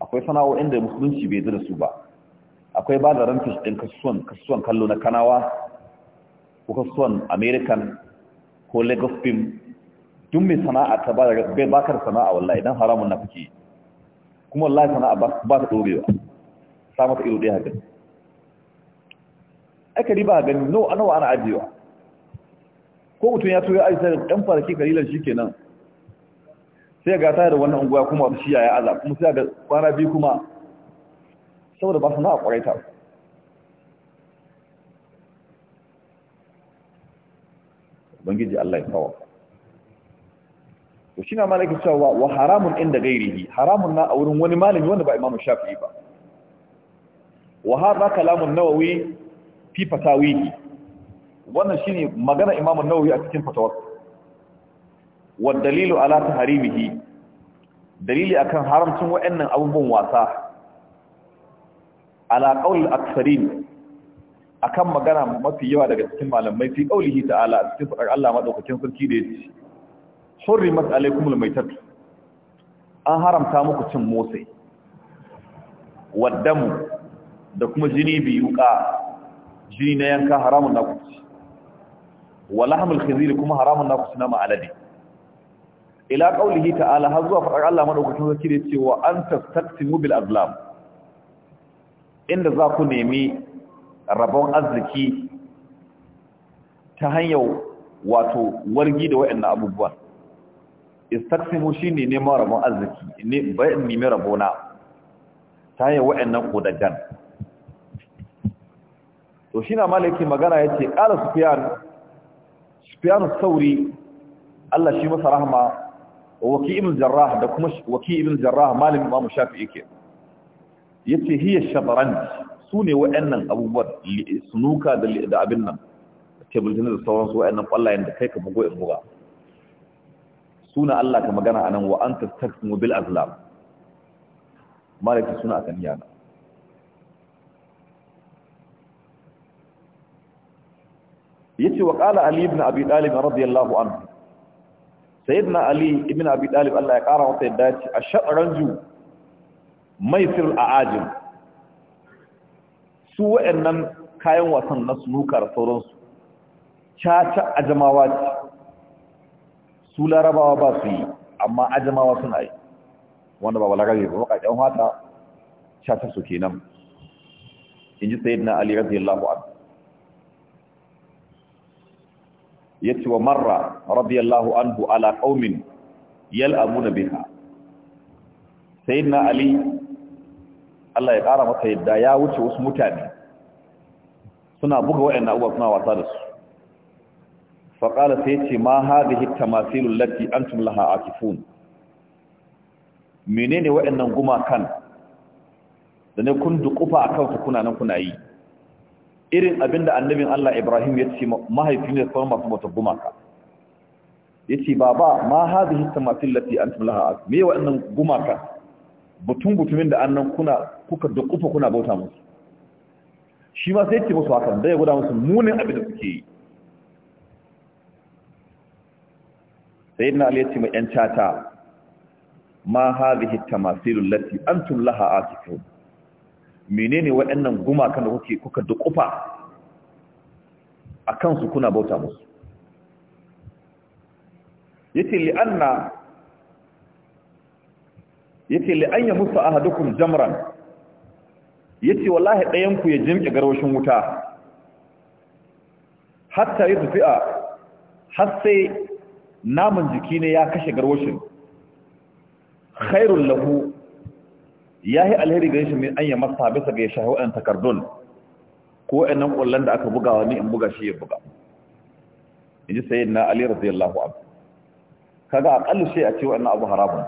akwai sana'o'in da musulunci bai zira su ba akwai ba da rantis ɗin kasuwan kallo na kanawa kuka son american ko lagos film duk mai sana'a ta ba da bai bakar sana'a wallahi idan haramun na kuke kuma wallahi sana'a ba ta ɗorewa sa mata ido ɗaya haka aka riba ga no ana wa ana ajiyewa ko mutum ya ya aji sai ɗan farki kalilan shi kenan sai ga ta da wannan unguwa kuma wata shiya ya azab kuma sai ga kwana bi kuma saboda ba sana'a ƙwarai ta ubangiji Allah ya kawo to shi na malaki cewa wa haramun inda gairihi haramun na a wurin wani malami wanda ba imamu shafi'i ba wa hadha kalamun nawawi fi fatawihi wannan shine magana imamu nawawi a cikin fatawar wa dalilu ala taharimihi dalili akan haramcin wa'annan abubuwan wasa ala qawl aktharin akan magana mafi yawa daga cikin malamai fi qaulihi ta'ala a cikin fadar Allah madaukakin sarki da yace hurrimat alaykumul Maitatu. an haramta muku cin motsi waddamu da kuma jini biyuka jini na yanka haramun na kuci walahmul khinzir kuma haramun na kuci na ma'alade ila qaulihi ta'ala har zuwa fadar Allah madaukakin sarki da ce wa an tastaqsimu bil azlam inda za ku nemi rabon arziki ta hanyar wato wargi da waɗannan abubuwan shi ne neman rabon arziki ne bayan nime rabona ta hanyar waɗannan kodajan to shi na malaki magana ya ce ƙala su sauri Allah shi masa rahama waki ibn jarrah da kuma waki ibn jarrah malin imamu shafi'i ke yace hiya shataranj su ne wa'annan abubuwan sunuka da abin nan table tennis da sauransu wa'annan ƙwallayen da kai ka bugo in buga suna Allah ka magana a nan wa an tastaqimu bil azlam malaka suna a akan yana yace wa qala ali ibn abi talib radiyallahu anhu sayyidina ali ibn abi talib Allah ya ƙara wata yadda ya ce a shaɗa mai maisir a ajin. su waɗannan kayan wasan na sunuka da sauransu caca ajamawa ce su larabawa ba su yi amma ajamawa suna yi wanda ba balagare ba ƙaƙen wata caca su kenan in ji sayid na ali radiyallahu anhu ya ce wa marra radiyallahu anhu ala ƙaumin na biha sayid na ali Allah ya ƙara masa yadda ya wuce wasu mutane suna buga waɗannan abubuwa suna wasa da su faƙala sai ce ma hita hadhihi tamathilul lati antum laha akifun menene waɗannan gumakan da ne kun dukufa akan su kuna nan kuna yi irin abinda annabin Allah Ibrahim ya ce mahaifi ne sauran masu bautar gumaka ya ce baba ma hita hadhihi tamathil lati antum laha akifun me waɗannan gumaka butun butumin da annan kuna kuka dukufa kuna bauta musu shi ma sai ce musu hakan dai guda musu munin abin da suke yi sai na aliyar ce mai ‘yan cata ma masu yi lullafi an tun laha a cikin menene waɗannan gumakan da kuke kuka kufa a kansu kuna bauta musu yace li'anna yace li'an ya musu hadukun jamran ya ce wallahi ɗayanku ya jimƙe garwashin wuta hatta yi tafiya har sai naman jiki ne ya kashe garwashin khairun lahu ya yi alheri gare shi min an yi masa bisa ga ya shahi waɗanda takardun ko ɗanan ƙwallon da aka buga wani in buga shi ya buga in ji sayi na zai lahu abu kaga aƙallu shi a ce na abu haramun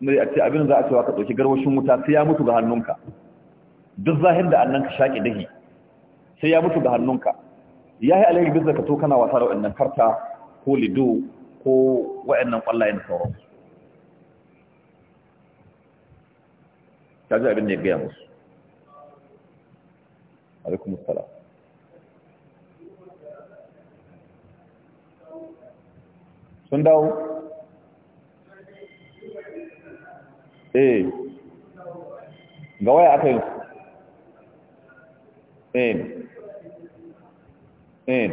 ne a ce abin za a cewa ka ɗauki garwashin wuta sai ya mutu ga hannunka duk zahin da annan ka shaƙi dahi sai ya mutu da hannunka ya yi alheri bisa ka to kana wasa da wa'annan karta ko lido ko wa'annan ƙwallayen sauran ta ji abin da ya gaya musu alaikum musala sun dawo eh ga waya aka yi eh eh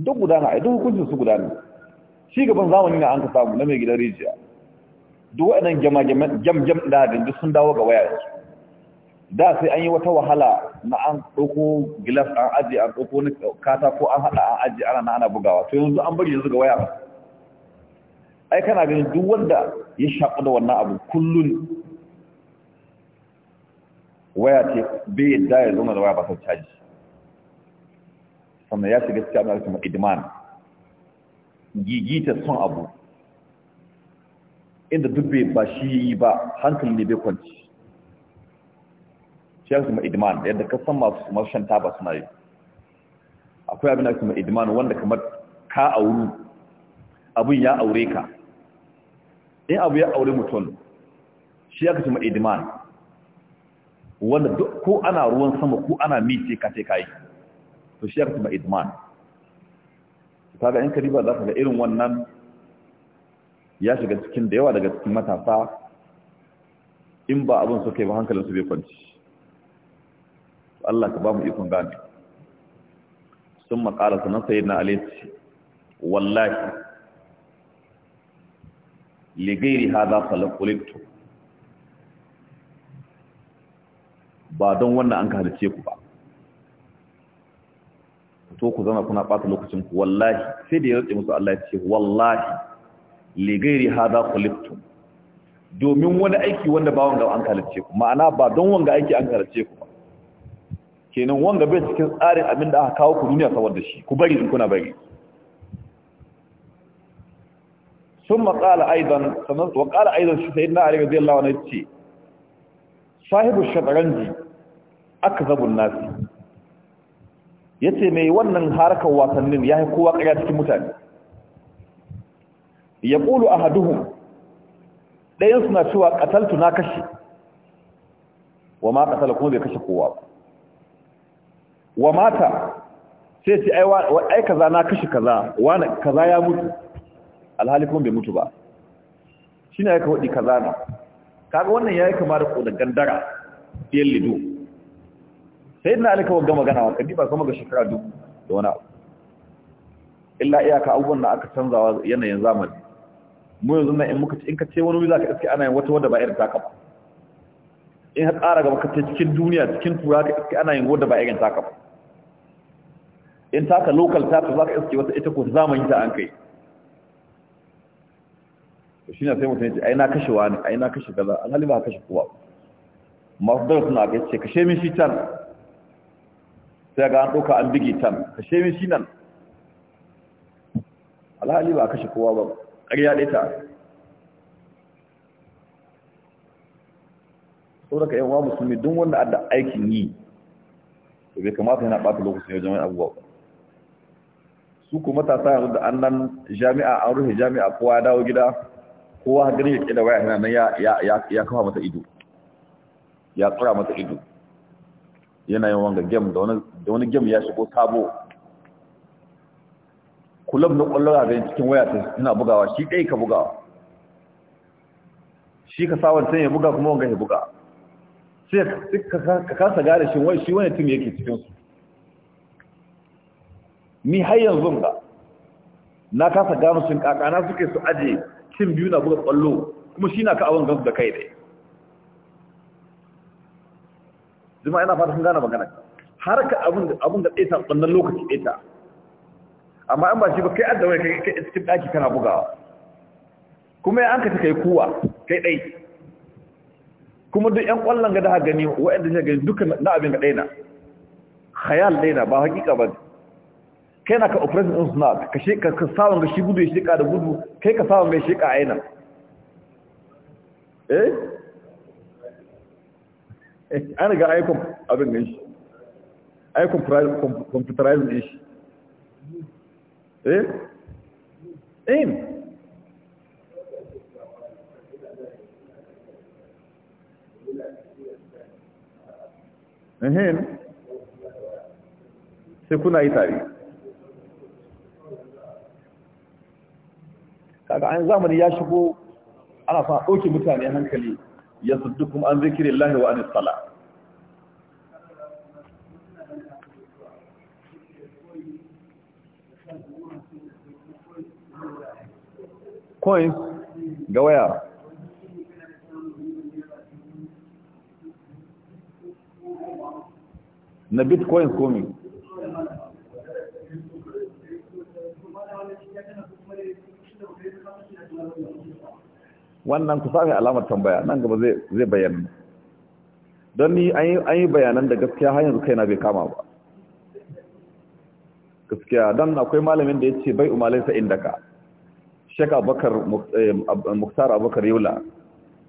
duk gudana duk hukuncin su ne shi gaban zamani na an ka samu na mai gidan rijiya duk waɗannan jam-jam da duk sun dawo ga waya da sai an yi wata wahala na an ɗauko gilas an aji an ɗauko wani katako an haɗa an aji ana na ana bugawa to yanzu an bari yanzu ga waya ai kana ganin duk wanda ya shaƙu da wannan abu kullum. waya ce bai yadda ya zo da waya ba sau caji sannan ya shiga cikin abin da idman gigita son abu inda duk bai ba shi yi ba hankali ne bai kwanci shi ya ma idman yadda ka san masu shan taba suna yi akwai abin da kuma idman wanda kamar ka auru abin ya aure ka in abu ya aure mutum shi ya ma idman wanda duk ko ana ruwan sama ko ana mice ka sai kai to shi ya ba idman kaga in kariba za ka ga irin wannan ya shiga cikin da yawa daga cikin matasa in ba abin su kai ba su bai kwanci Allah ka ba mu ikon gane sun makara sanar sayi na wallahi ligairi ha za ba don wannan an ka halice ku ba to ku zama kuna ɓata lokacin ku wallahi sai da ya rantse musu Allah ya ce wallahi ligairi hada kuliftum domin wani aiki wanda ba wanga an kalace ku ma'ana ba don wanga aiki an kalace ku ba kenan wanga bai cikin tsarin abin da aka kawo ku duniya saboda shi ku bari in kuna bari sun maƙala aidan sannan wa ƙala aidan shi sayyidina zai lawa na ce sahibu shataranji aka zabun nasi ya ce mai wannan harkar wasannin ya yi kowa ƙarya cikin mutane ya ƙulu a haduhu. ɗayan suna cewa ƙataltu na kashe wa ma ƙasala kuma bai kashe kowa wa mata sai ce ai kaza na kashe kaza wani kaza ya mutu alhali kuma bai mutu ba shi ne ya ka waɗi kaza na kaga wannan ya yi kama da ƙonar dara ɗiyan lido sai na alika wagga magana wa kadi ba kuma ga shekara dubu da wani abu illa iyaka abubuwan da aka canzawa yanayin zamani mu yanzu na in muka in ka ce wani za ka iske ana yin wata wadda ba irin taka ba in ka tsara gaba ka ce cikin duniya cikin tura ka iske ana yin wadda ba irin taka ba in taka local taka za ka iske wata ita ko zamani ta an kai shi na sai mutum ya ce ai na kashe wani ai na kashe kaza alhali ba kashe kowa masu darasa na ga ce kashe min shi can sai ga an ɗauka an bige tam kashe min shi nan alhali ba a kashe kowa ba ƙarya ɗaya ta da ka wa musulmi don wanda adda aikin yi da bai kamata yana ɓata lokacin yau jami'a abubuwa su kuma matasa yanzu da annan jami'a an rufe jami'a kowa ya dawo gida kowa gani ya ƙi da waya yana nan ya kafa mata ido ya tsura mata ido yana yin wanga gem da wani gem ya shigo sabo kulab na kwallo a cikin waya ta suna bugawa shi ɗai ka bugawa shi ka sawar sai ya buga kuma wanga ya buga sai ka kasa gane shi wani shi wani tim yake cikinsu ni har yanzu ga na kasa gano shin kakana suke su aje tim biyu na buga kwallo kuma shi na ka awon gansu da kai ɗai zuma ina fata sun gane magana har ka abin da ɗaita wannan lokaci ɗaita, amma an ba shi ba kai addawai kai kai cikin ɗaki kana bugawa kuma ya an ka kai kuwa kai ɗai, kuma duk yan ƙwallon ga da gani waɗanda shi gani duka na abin ga ɗaina, khayal ɗaina ba hakika ba kai na ka operation din suna ka shi ka sawon ga shi gudu ya ka da gudu kai ka sawon mai shi a aina eh an ga aikon abin ne shi aikon computerizing ne shi eh in ehem sai kuna yi tare kaga an zamani ya shigo ana fa ɗauke mutane hankali yasuddukum an zikrillahi wa anis Sala. coins ga waya na bitcoin komi wannan ku sami alamar tambaya nan gaba zai bayanin. don ni an yi bayanan da gaskiya hanyar zuka kaina bai kama ba gaskiya don akwai malamin da ya ce bai umalai sa'in ka shek abubakar eh, muktar abubakar yula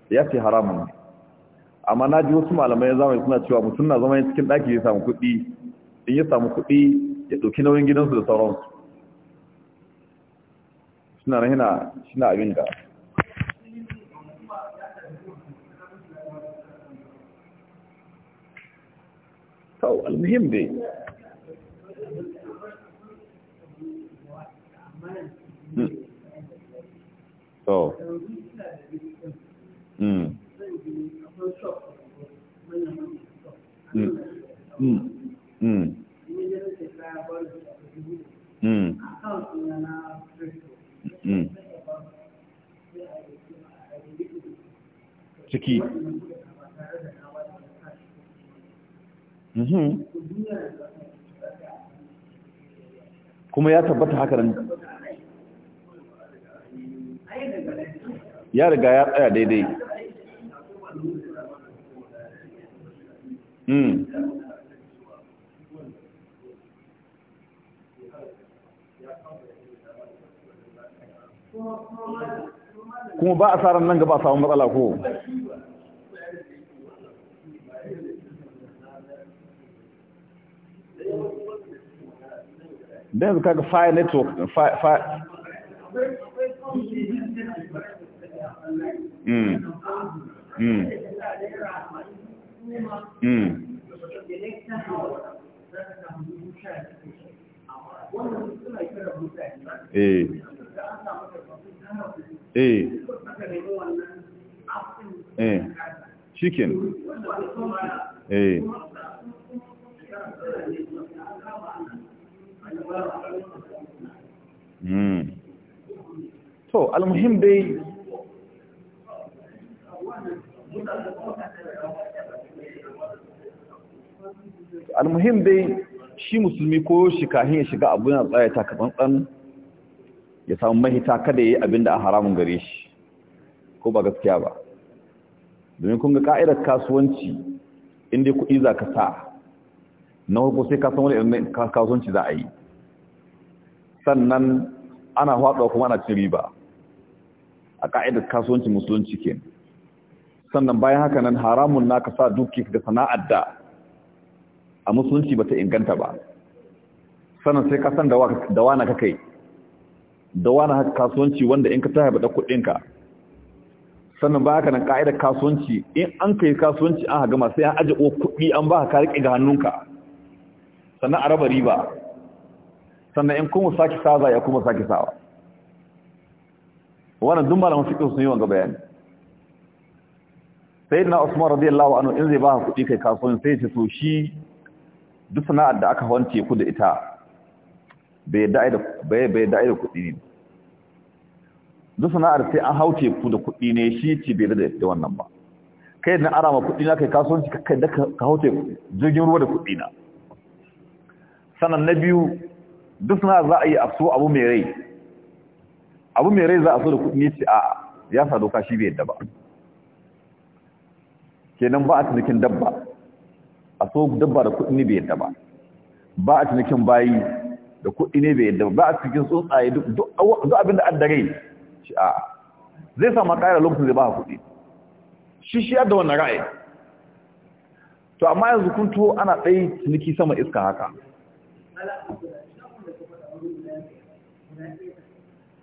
ya ce haramun amma na ji wasu malamai zamani suna cewa mutum na zama cikin ɗaki ya samu kuɗi in ya samu kuɗi ya ɗauki nauyin gidansu da sauransu suna rahina shi na abin da to almuhim dai to mm Mhm. kuma ya tabbata haka nan ya riga ya tsaya daidai hmm. kuma ba a tsarin nan gaba samun matsala ko dan yanzu kaga fire network fire mm hmm. hmm. eh. eh. eh. chicken Hmm. to almuhim dai almuhim dai shi musulmi ko shi kahin ya shiga abu a tsaye takatsantsan ya samu mahita kada ya yi abin da a haramun gare shi ko ba gaskiya ba domin kun ga ka'idar kasuwanci inda kuɗi za ka sa na hukun sai wani kasuwanci za a yi sannan ana faɗuwa kuma ana cin riba a ƙa'idar kasuwancin musulunci ke sannan bayan haka nan haramun na ka sa duki ga sana’ad da a musulunci ba ta inganta ba sannan sai ka san da wana ka kai da wana haka kasuwanci wanda in ka ta haɓa kuɗinka sannan bayan haka nan ƙa'idar kasuwanci in an kai kasuwanci an haga masu yan ajiye kuɗi an ba ka riƙe ga hannunka sannan a raba riba sannan in kuma sake za ya kuma sake sawa wannan duk malamin fiqh sun yi wanga bayani sayyidina Usman radiyallahu anhu in zai ba kuɗi kai kasuwan sai ta so shi duk sana'ar da aka wance ku da ita bai da bai bai da kuɗi ne duk sana'ar sai an haute ku da kuɗi ne shi ce bai da da wannan ba kai na arama kuɗi na kai kasuwanci kai da ka haute jirgin ruwa da kuɗi na sannan na biyu duk suna za a yi a so abu mai rai abu mai rai za a so da kudi ce a ya sa doka shi bai yadda ba kenan ba a cinikin dabba a so dabba da kudi bai yadda ba ba a cinikin bayi da kudi ne bai yadda ba ba a cikin tsuntsaye duk abin da an da rai shi a zai sa makayar lokacin zai ba kudi shi shi yadda wannan ra'ayi to amma yanzu kun tuwo ana ɗai ciniki sama iska haka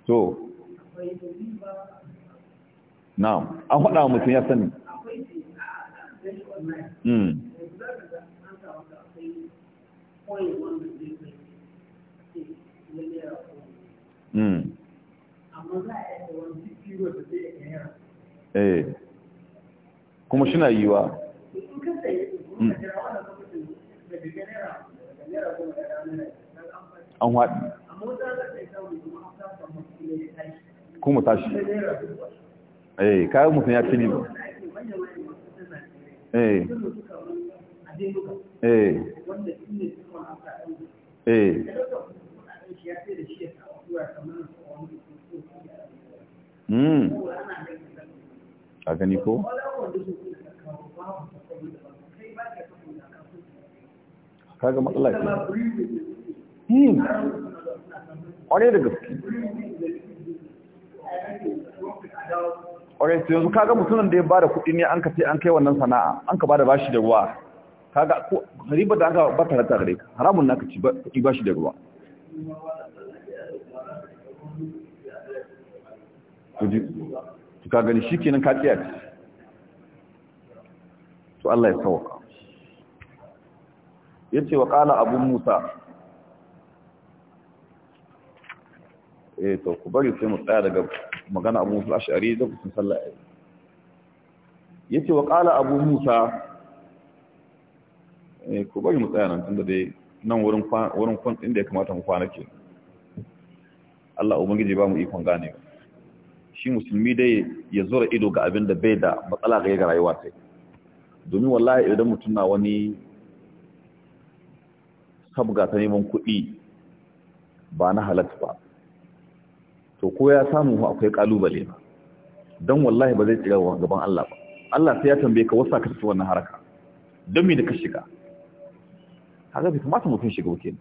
to na'am an faɗa wa mutum ya sani hmm. Hmm. Eh. kuma shina yiwa Mm. an waɗi kuma tashi eh kayan mutum ya ci riba eh eh eh Hmm. a gani ko? kaga matsala ke ƙwarai hmm. da gaske ƙwarai su yanzu kaga mutumin da ya ba da kuɗi ne an ka ce an kai wannan sana'a an ka ba da bashi da ruwa kaga riba da an ka ba tare tare haramun na ka ci shi da ruwa su ka gani shi kenan ka ce. su Allah ya ya ce wa ƙala abin musa eh to ku bari sai mu tsaya daga magana Abu Musa Ash'ari da kusan sallah yace wa qala Abu Musa eh ku bari mu tsaya nan tunda dai nan wurin wurin kun inda ya kamata mu kwana ke Allah ubangiji ba mu ikon gane shi musulmi dai ya zura ido ga abin da bai da matsala ga rayuwa sai domin wallahi idan mutum na wani sabga ta neman kuɗi ba na halatta ba to ko ya samu akwai kalubale ba don wallahi ba zai tsira gaban Allah ba Allah sai ya tambaye ka wasa ka tafi wannan haraka don me da ka shiga haka bai kamata mutum shiga wuke ne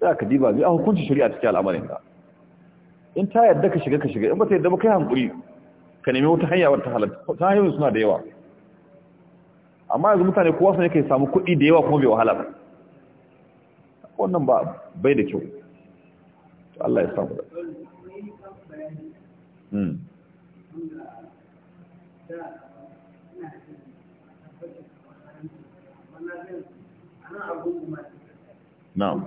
za ka diba bi a hukunci shari'a cikin al'amarin ka in ta yadda ka shiga ka shiga in ba ta yadda ba kai hankuri ka nemi wata hanya wata halatta ta hanyoyin suna da yawa amma yanzu mutane kowa sun yake samu kuɗi da yawa kuma bai wahala ba wannan ba bai da kyau to Allah ya samu da hmm na'am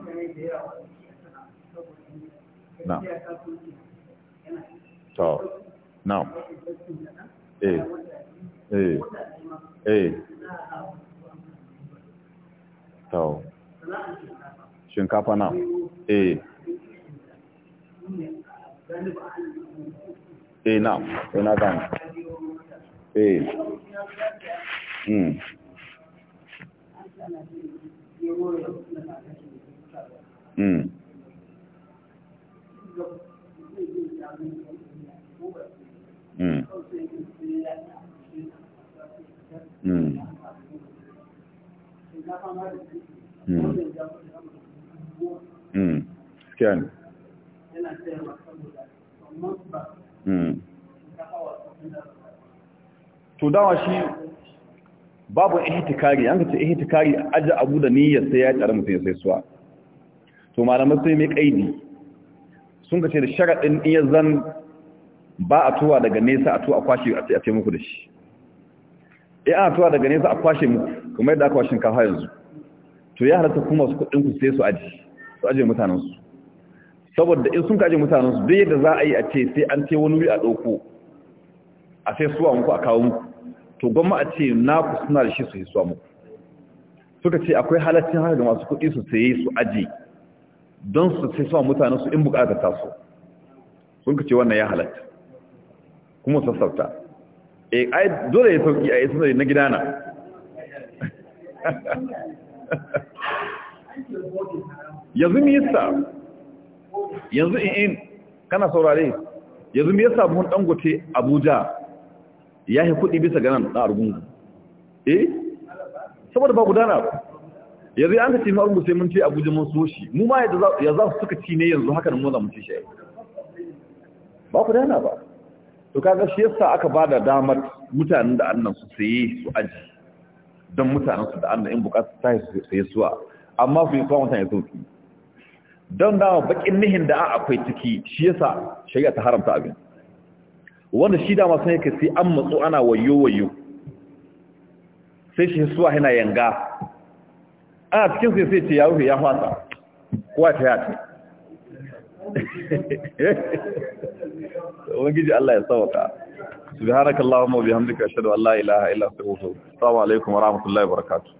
Na to na'am Na eh eh, eh. shinkafa na eh na sai eh, na gane eh mm mm mm mm mm mm Hmm. to dawa shi babu ihtikari an kace ihtikari aje abu da niyyar sai ya tsara mutum sai suwa to malamai sai mai kaidi sun kace da sharadin iya zan ba a tuwa daga nesa a tuwa a kwashe a tsaye muku da shi eh a tuwa daga nesa a kwashe muku kuma yadda aka kwashin kafa yanzu to ya halatta kuma su kudin ku sai su aje su aje mutanen su saboda in sun kaje mutanen su dai da za a yi a ce sai an ce wani wuri a ɗauko a sai suwa muku a kawo muku to gwamma a ce na ku suna da shi su yi suwa muku suka ce akwai halaccin haka ga masu kuɗi su sai su aji don su sai suwa mutanen su in bukata ta su sun ka ce wannan ya halatta kuma sassauta e ai dole ya sauki a yi sunari na na yanzu mi yanzu in in kana saurare yanzu me yasa buhun dangote Abuja ya yi kuɗi bisa ga nan na argungu eh saboda ba gudana ba yanzu an ka ce mu argungu sai mun ce Abuja mun so shi mu ma ya za su suka ci ne yanzu haka nan mu za mu ci shi ba gudana ba to kaga shi yasa aka bada damar mutanen da annan su saye su aji don mutanen su da annan in bukatar ta yi su saye suwa amma su yi kuma mutane sauki don dama bakin nihin da akwai ciki shi yasa shari'a ta haramta abin wanda shi dama sun yake sai an matsu ana wayo wayo sai shi suwa yana yanga A cikin sai sai ce ya rufe ya fasa kuwa ta yace ubangiji Allah ya sauka subhanakallahumma wa bihamdika ashhadu an la ilaha illa anta astaghfiruka wa atubu ilaik assalamu alaikum wa rahmatullahi wa barakatuh